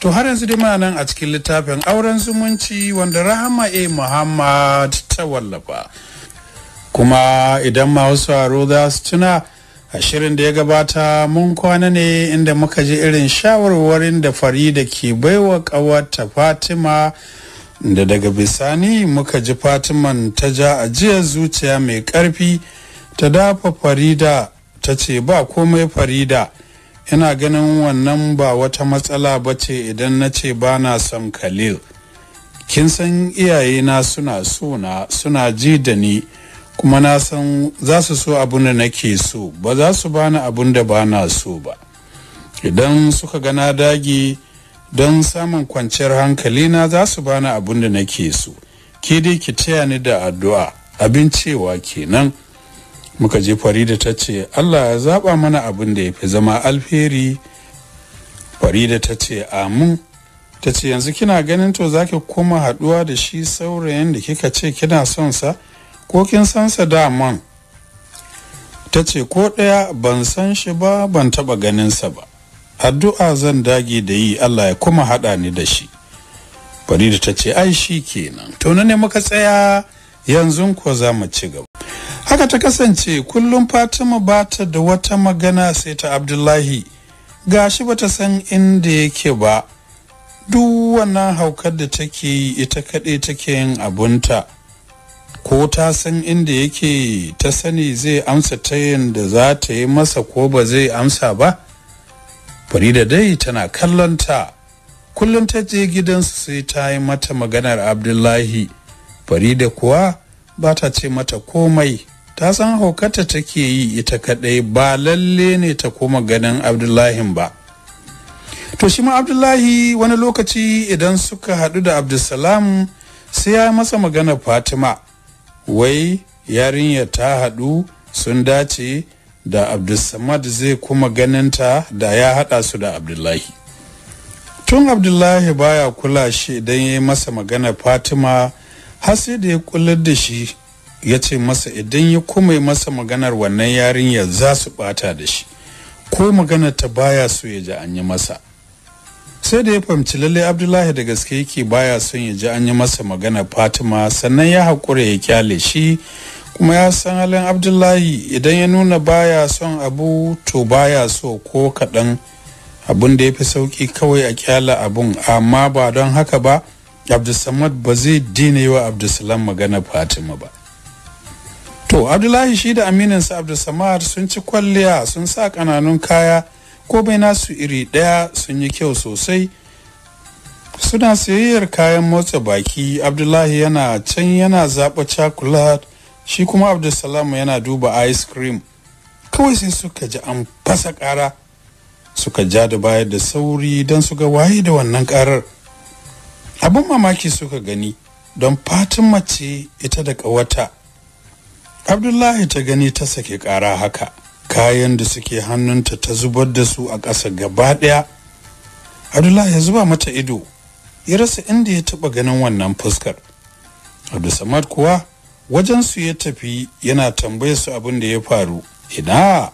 to har yanzu dai muna nan a cikin littafin auren zumunci wanda rahama a muhammad ta wallafa kuma idan ma wasu aro za su tuna a shirin da ya gabata mun kwana ne inda muka ji irin shawarwarin da farida ke baiwa ƙawarta fatima da daga bisani muka ji fatiman ta ja ajiyar zuciya mai ƙarfi ta dafa farida ta ce ba komai farida ina ganin wannan ba wata matsala ba ce idan na ce ba na son khalil kin san iyayena suna na suna ji da ni kuma na san za su so abin da nake so ba za su bani abin da ba na so ba idan suka gana dagi don samun kwanciyar hankali na za su bani abin da nake so ke dai ki taya ni da addu'a abin cewa kenan muka je farida ta ce allah ya zaɓa mana abin da ya fi zama alheri farida ta ce amin ta ce yanzu kina ganin to zaki kuma haduwa da shi saurayin da kika ce kina son sa ko kin san sa daman ta ce ko ɗaya ban san shi ba ban taɓa ganin sa ba addu'a zan dage da yi allah ya kuma haɗa ni da shi farida ta ce ai shi kenan to ne muka tsaya yanzu ko za mu ci gaba haka ta kasance kullum fatima ba ta da wata magana sai ta abdullahi ga shi ba ta san inda yake ba duk wannan haukar da take yi ita kaɗai take yin abunta ko ta san inda yake ta sani zai amsa ta da za ta yi masa ko ba zai amsa ba farida dai tana kallonta kullum ta je gidansu sai ta yi mata maganar abdullahi farida kuwa ba ta ce mata komai ta san haukata take yi ita kadai ba lalle ne ta kuma ganin abdullahin ba to shi ma abdullahi wani lokaci idan suka haɗu da abdulsalam sai ya masa magana fatima wai yarinya ta haɗu sun dace da abdulsamad zai kuma ganinta da ya haɗa su da abdullahi tun abdullahi baya kula shi idan ya yi masa magana fatima har sai da ya kular da shi ya ce masa idan ya kuma masa maganar wannan yarinya za su bata da shi ko maganar ta baya so ya ji an yi masa sai da ya fahimci lallai abdullahi da gaske yake baya son ya ji an yi masa magana fatima sannan ya haƙura ya kyale shi kuma ya san halin abdullahi idan ya nuna baya son abu to baya so ko kaɗan abun da ya fi sauƙi kawai a kyala abun amma ba don haka ba abdulsamad ba zai dina yi wa abdulsalam magana fatima ba to abdullahi shi da amininsa abdulsamad sun ci kwalliya sun sa kananun kaya ko bai nasu iri daya sun yi kyau sosai suna sayayyar kayan motsa baki abdullahi yana can yana zaɓa chocolate shi kuma abdulsalam yana duba ice cream kawai sai suka ji an fasa ƙara suka ja da bayar da sauri don su ga waye da wannan ƙarar abin mamaki suka gani don fatin mace ita da ƙawata abdullahi ta gani ta sake kara haka kayan da suke hannunta ta zubar da su a ƙasa gaba ɗaya abdullahi ya zuba mata ido ya rasa inda ya taɓa ganin wannan fuskar abdulsamad kuwa wajen su ya tafi yana tambaye su abin da ya faru ina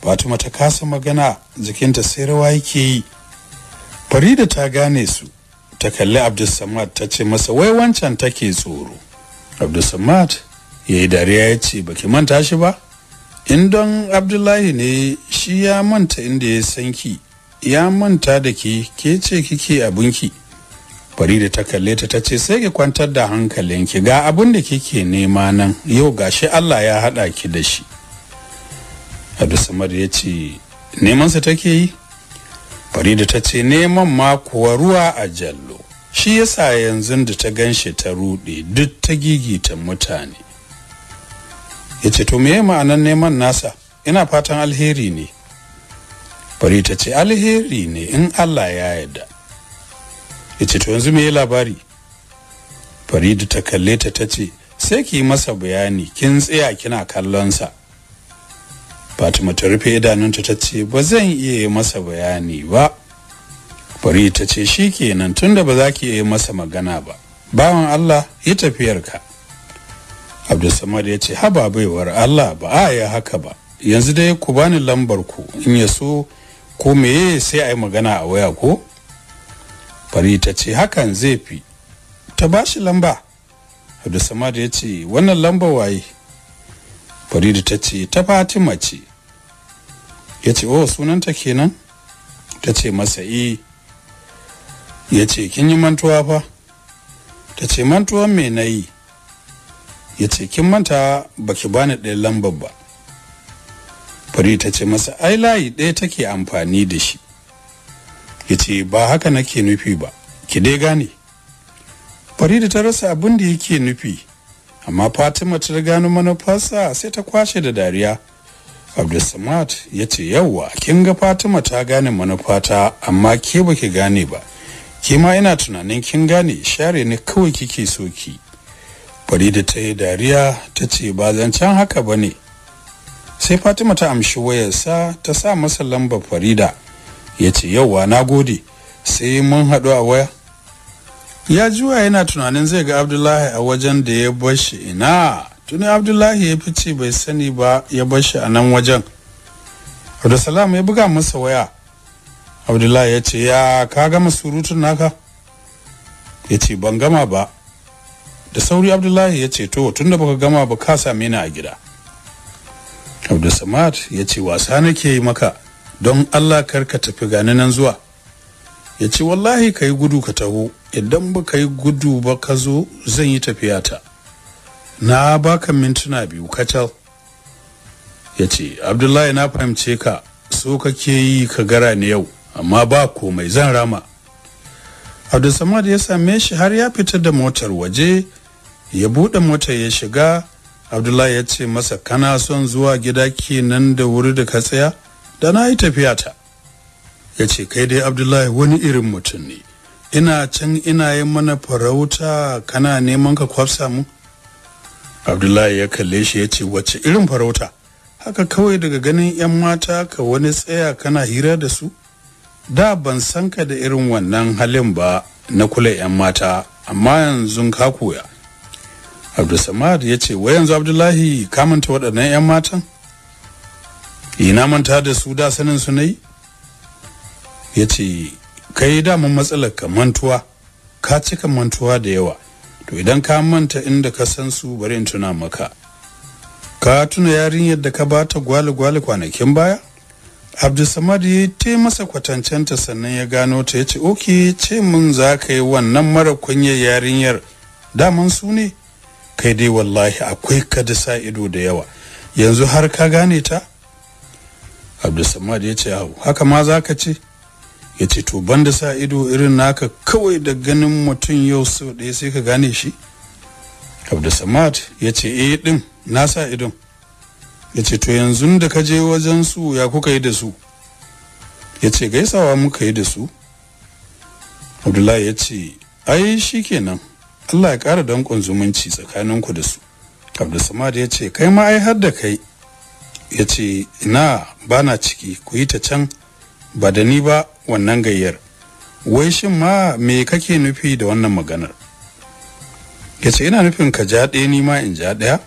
fatima ta kasa magana jikinta sai rawa yake yi farida ta gane su ta kalli abdulsamad ta ce masa wai wancan take tsoro abdulsamad ya yi dariya ya ce baki manta shi ba in don abdullahi ne shi ya manta inda ya san ki ya manta da ke ke ce kike abinki farida ta kalle ta ta ce sai ki kwantar da hankalin ki ga abin da kike nema nan yau gashi allah ya haɗa ki da shi abdulsamad ya ce nemansa take yi farida ta ce neman ma kuwa ruwa a jallo shi yasa yanzu da ta ganshi ta rude duk ta gigita mutane ya ce to meye ma'anan neman nasa ina fatan alheri ne fari ta ce alheri ne in allah ya yadda. ya ce to yanzu meye labari farida ta kalle ta ta ce sai ki masa bayani kin tsaya kina kallonsa fatima ta rufe idanunta ta ce ba zan iya yi masa bayani ba Fari ta ce shi kenan tunda ba za ki iya masa magana ba bawan allah yi tafiyarka abdulsamad ya ce haba baiwar allah ba a ya haka ba yanzu dai ku bani lambar ku in ya so ko meye sai a yi magana a waya ko fari ta ce hakan zai fi ta ba shi lamba abdulsamad ya ce wannan lamba waye farida ta ce ta fatima ce ya ce oh sunanta kenan ta ce masa e ya ce kin yi mantuwa fa ta ce mantuwa me na yi ya ce kin manta ba ki bani ɗaya lambar ba fari ta ce masa ai layi ɗaya take amfani da shi ya ce ba haka nake nufi ba ki dai gane fari da ta rasa abin da yake nufi amma fatima ta gano manufarsa sai ta kwashe da dariya abdulsamad ya ce yauwa kin ga fatima ta gane manufata amma ke ki gane ba ke ma ina tunanin kin gane share ne kawai kike so ki farida ta yi dariya ta ce ba zancen haka ba ne sai fatima ta amshi wayarsa ta sa masa lambar farida ya ce yauwa na gode sai mun haɗu a waya ya juwa yana tunanin zai ga abdullahi a wajen da ya bar shi ina tuni abdullahi ya fice bai sani ba ya bar shi a nan wajen abdulsalam ya buga masa waya abdullahi ya ce ya ka gama surutun naka ya ce ban gama ba da sauri abdullahi ya ce to tunda baka gama ba ka same ni a gida abdulsamad ya ce wasa nake yi maka don allah kar ka tafi gani nan zuwa ya ce wallahi ka yi gudu ka taho idan ba ka yi gudu ba ka zo zan yi tafiya ta. na baka mintuna biyu kacal ya ce abdullahi na fahimce ka so kake yi ka gara ni yau amma ba komai zan rama abdulsamad ya same shi har ya fitar da motar waje ya buɗe mota ya shiga abdullahi ya ce masa kana son zuwa gida kenan da wuri da ka tsaya da na yi tafiya ta ya ce kai dai abdullahi wani irin mutum ne ina can ina yin mana farauta kana neman ka kwafsa mu abdullahi ya kalle shi ya ce wacce irin farauta haka kawai daga ganin 'yan mata ka wani tsaya kana hira da su da ban san ka da irin wannan halin ba na kula 'yan mata amma yanzu ka koya abdulsamad ya ce wai yanzu abdullahi ka manta waɗannan 'yan matan ina eh, manta da su da sanin su ne ya ce kai daman matsalar ka mantuwa ka cika mantuwa da yawa to idan ka manta inda ka san su bari in tuna maka ka tuna yarinyar da ka ba ta gwali gwali kwanakin baya abdulsamad ya te masa kwatancenta sannan ya gano ta ya ce oke ce mun za ka yi wannan mara kunyar yarinyar daman su ne kai dai wallahi akwai kada sa ido da yawa yanzu har ka gane ta abdulsamad ya ce hau haka ma za ka ce ya ce to banda sa ido irin naka kawai da ganin mutum yau sau ɗaya sai ka gane shi abdulsamad ya ce eh ɗin na sa idon ya ce to yanzu da ka je wajen su ya kuka yi da su ya ce gaisawa muka yi da su abdullahi ya ce ai shi kenan Allah ya ƙara danƙon zumunci tsakaninku da su Abdulsamad ya ce kai ma ai har da kai ya ce ina bana ciki ku yi ta can ba da ni ba wannan gayyar wai shin ma me kake nufi da wannan maganar ya ce ina nufin ka ja ɗaya ni ma in ja ɗaya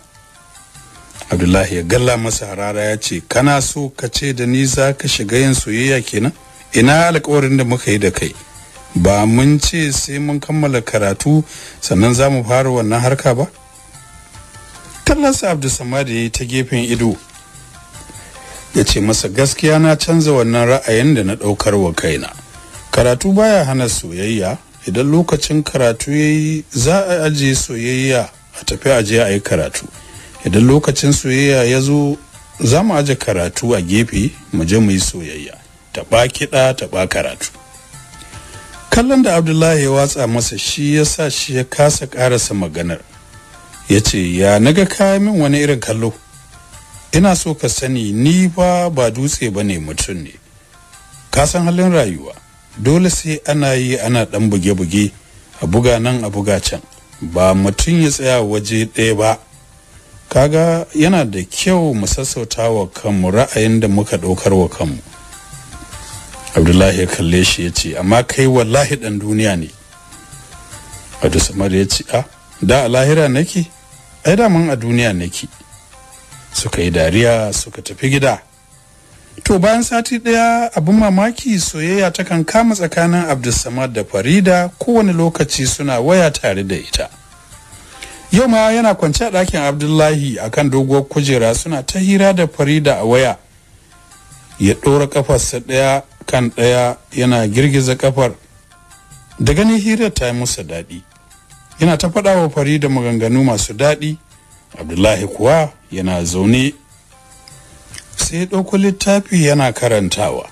abdullahi ya galla masa harara ya ce kana so ka ce da ni za ka shiga yin soyayya kenan ina alkawarin da muka yi da kai ba mun ce sai mun kammala karatu sannan za mu fara wannan harka ba Abdu abdulsamad ya yi ta gefen ido ya ce masa gaskiya na canza wannan ra'ayin da na ɗaukar wa kaina karatu baya hana soyayya idan lokacin karatu ya yi za a ajiye soyayya a tafi aje a yi karatu idan lokacin soyayya ya zo za mu aje karatu a gefe mu je mu yi soyayya taɓa kiɗa taɓa karatu kallon da abdullahi ya watsa masa shi ya sa shi ya kasa karasa maganar ya ce ya naga kayan min wani irin kallo ina so ka sani ni ba ba dutse ba ne mutum ne kasan halin rayuwa dole sai ana yi ana dan buge-buge a buga nan a buga can ba mutum ya tsaya waje ɗaya ba kaga yana da kyau mu sassauta wa kanmu ra'ayin da muka ɗaukar wa kanmu abdullahi ya kalle shi ya ce amma kai wallahi dan duniya ne abdu samar ya ce a ah, da a lahira nake ai daman a duniya nake suka yi dariya suka tafi gida to bayan sati daya abin mamaki soyayya ta kan kama tsakanin abdulsamad da farida kowane lokaci suna waya tare da ita yau ma yana kwance a ɗakin abdullahi akan doguwar kujera suna ta hira da farida a waya ya ɗora kafarsa ɗaya kan ɗaya yana girgiza kafar da ganin hira ta yi musa daɗi yana ta faɗa wa fari da maganganu masu daɗi abdullahi kuwa yana zaune sai ɗauko littafi yana karantawa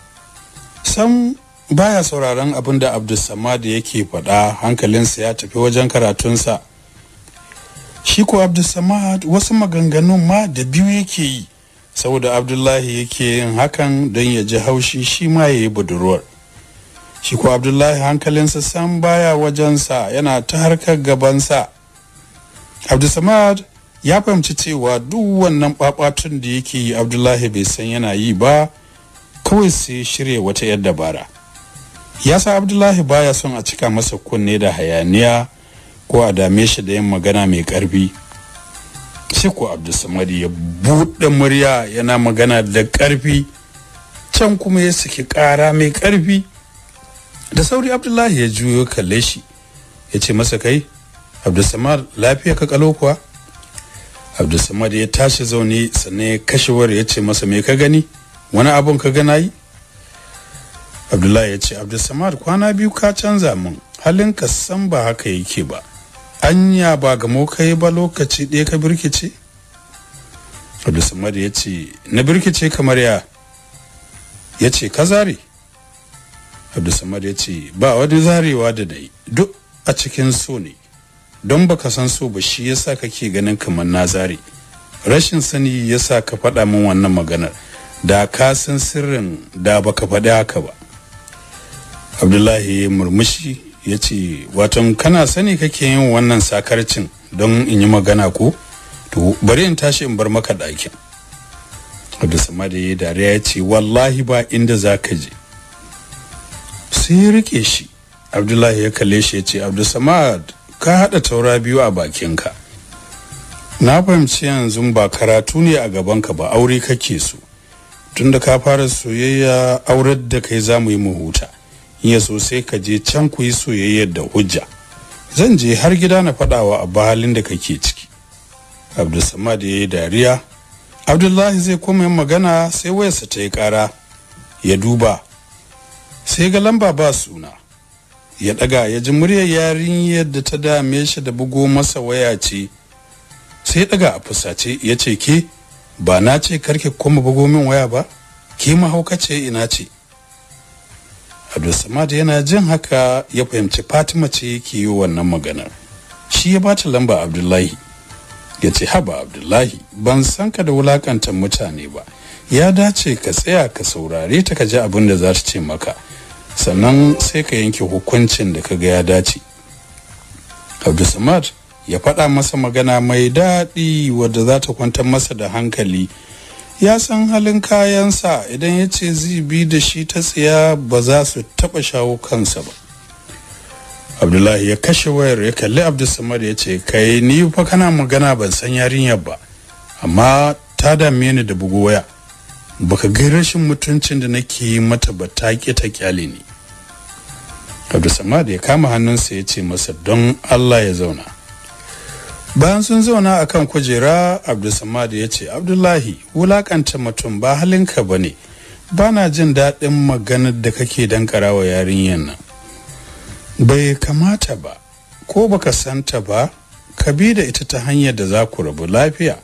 sam baya sauraron abin da abdulsamad yake faɗa hankalinsa ya tafi wajen karatunsa shi ko abdulsamad wasu maganganun ma da biyu yake yi saboda abdullahi yake yin hakan don ya ji haushi shi ma ya yi budurwar shi ko abdullahi hankalinsa san baya wajensa yana ta harkar gabansa abdulsamad ya fahimci cewa duk wannan babatun da yake yi abdullahi bai san yana yi ba kawai sai shirya wata yar dabara ya sa abdullahi baya son a cika masa kunne da hayaniya ko a dame shi da yin magana mai karfi sai Abdulsamad ya buɗe murya yana magana da ƙarfi can kuma ya saki ƙara mai ƙarfi da sauri abdullahi ya juyo kalle shi ya ce masa kai abdulsamad lafiya ka kalo kuwa abdulsamad ya tashi zaune sannan ya kashe war ya ce masa me ka gani wani abun ka gana yi abdullahi ya ce abdulsamad kwana biyu ka canza min halinka san ba haka yake ba anya ba ga kai ba lokaci ɗaya ka birkice abdulsamad ya ce na birkice kamar ya ya ce ka zare abdulsamad ya ce ba wani zarewa da dai duk a cikin so ne don baka san so ba shi yasa kake ganin kamar na zare rashin sani yasa ka faɗa min wannan maganar da ka san sirrin da baka faɗi haka ba abdullahi murmushi ya ce watan kana sani kake yin wannan sakarcin don in yi magana ko to bari in tashi in bar maka ɗakin da ya yi dariya ya ce wallahi ba inda za ka je sai ya rike shi abdullahi ya kalle shi ya ce abdulsamad ka haɗa taura biyu a bakinka na fahimci yanzu ba karatu ne a gabanka ba aure kake so tunda ka fara soyayya aurar da kai za mu yi mu ya so sai ka je can ku yi soyayyar da hujja zan je har gida na faɗawa a halin da kake ciki abdulsamad ya yi dariya abdullahi zai koma yin magana sai wayarsa ta yi ƙara ya duba sai ga lamba ba suna ya ɗaga ya ji muryar yarinyar da ta dame shi da bugo masa waya ce sai ya ɗaga a fusace ya ce ke ba na ce karke koma bugo min waya ba ke ce ina ce abdulsamad yana jin haka ya fahimci fatima ce ke yi wannan magana shi ya bata lamba abdullahi ya ce haba abdullahi ban san ka da wulakantar mutane ba ya dace ka tsaya ka saurare ta ka ji abin da za ta ce maka sannan sai ka yanke hukuncin da ka ga ya dace abdulsamad ya faɗa masa magana mai daɗi wadda za ta kwantar masa da hankali ya san halin kayansa idan ya ce zai bi da shi ta tsaya ba za su taba shawo kansa ba abdullahi ya kashe wayar ya kalli abdulsamad ya ce kai ni fa kana magana ban san yarinyar ba amma ta dame ni da bugu waya baka ga rashin mutuncin da nake yi mata ba ta ta kyale ni abdulsamad ya kama hannunsa ya ce masa don allah ya zauna bayan sun zauna a kan kujera abdulsamad ya ce abdullahi wulaƙanta mutum ba halinka ba ne ba na jin daɗin maganar da kake dankara wa yarinyar nan bai kamata ba ko baka santa ba ka bi da ita ta hanyar da za ku rabu lafiya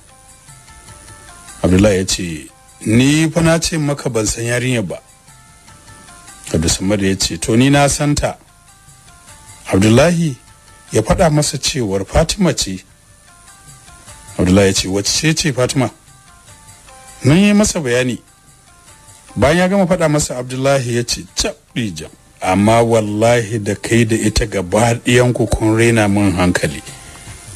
abdullahi ya ce ni fa na ce maka ban san yarinyar ba abdulsamad ya ce to ni na santa abdullahi ya faɗa masa cewar fatima ce abdullahi ya ce wacce ce fatima nan yi masa bayani bayan ya gama faɗa masa abdullahi ya ce cabdija amma wallahi da kai da ita gaba ɗiyanku kun raina min hankali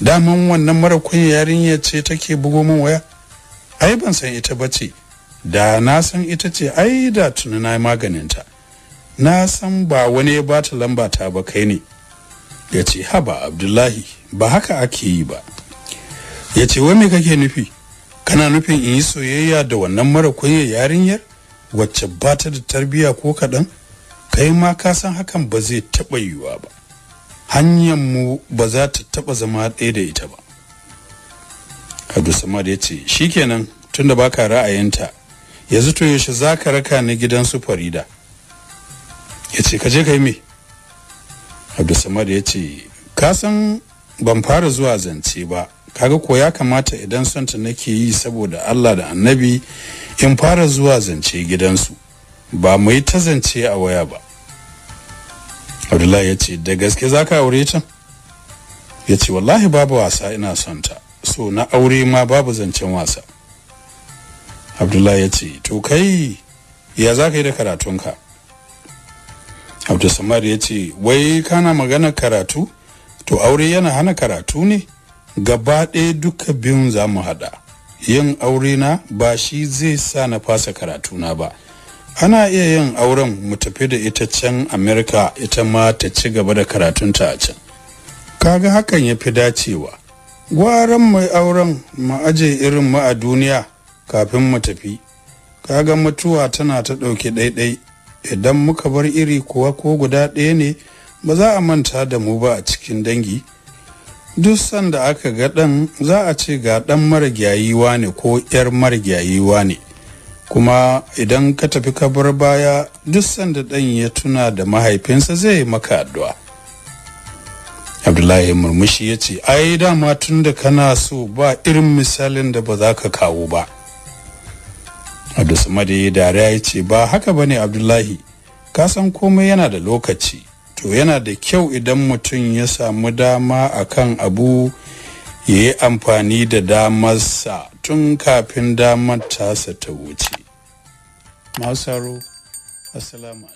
daman wannan mara kunya yarinya ce take bugo min waya ai ban san ita ba ce da na san ita ce ai da tuni na ta. na san ba wani ya bata lamba ta ba kai ne ya ce haba abdullahi ba haka ake yi ba ya ce wai me kake nufi kana nufin in yi soyayya da wannan mara kunya yarinyar wacce ba ta da tarbiyya ko kaɗan kai ma ka san hakan ba zai taɓa yiwuwa ba hanyar mu ba za ta taɓa zama ɗaya da ita ba abdulsamad ya ce shikenan tunda ka ra'ayinta yanzu to yaushe za ka raka ni gidan su farida ya ce ka je ka yi me abdulsamad ya ce ka san ban fara zuwa zance ba kaga ko ya kamata idan santa nake yi saboda Allah da annabi in fara zuwa zance gidansu ba mu yi ta zance a waya ba abdullahi ya ce da gaske za ka aure ta ya ce wallahi babu wasa ina son so na aure ma babu zancen wasa abdullahi ya ce to kai ya za ka yi da karatunka samari ya ce wai kana magana karatu to aure yana hana karatu ne gaba ɗaya duka biyun za mu haɗa yin aure na ba shi zai sa na fasa karatuna ba ana iya yin auren mu tafi da ita can amerika ita ma ta ci gaba da karatunta a can kaga hakan ya fi dacewa gwaran mai auren mu aje irin mu a duniya kafin mu tafi kaga mutuwa tana ta ɗauki ɗaiɗai idan muka bar iri kuwa ko guda ɗaya ne ba za a manta da mu ba a cikin dangi duk sanda aka ga ɗan za a ce ga ɗan marigyayiwa ne ko 'yar marigyayiwa ne kuma idan ka tafi kabar baya duk sanda ɗan ya tuna da mahaifinsa zai maka addu'a abdullahi murmushi ya ce ai dama tun da kana so ba irin misalin da ba za ka kawo ba abdulsamad ya dariya ya ce ba haka ba ne abdullahi ka san komai yana da lokaci to yana da kyau idan mutum ya samu dama a kan abu ya yi amfani da damarsa tun kafin damar tasa ta wuce. Masaro, Assalamu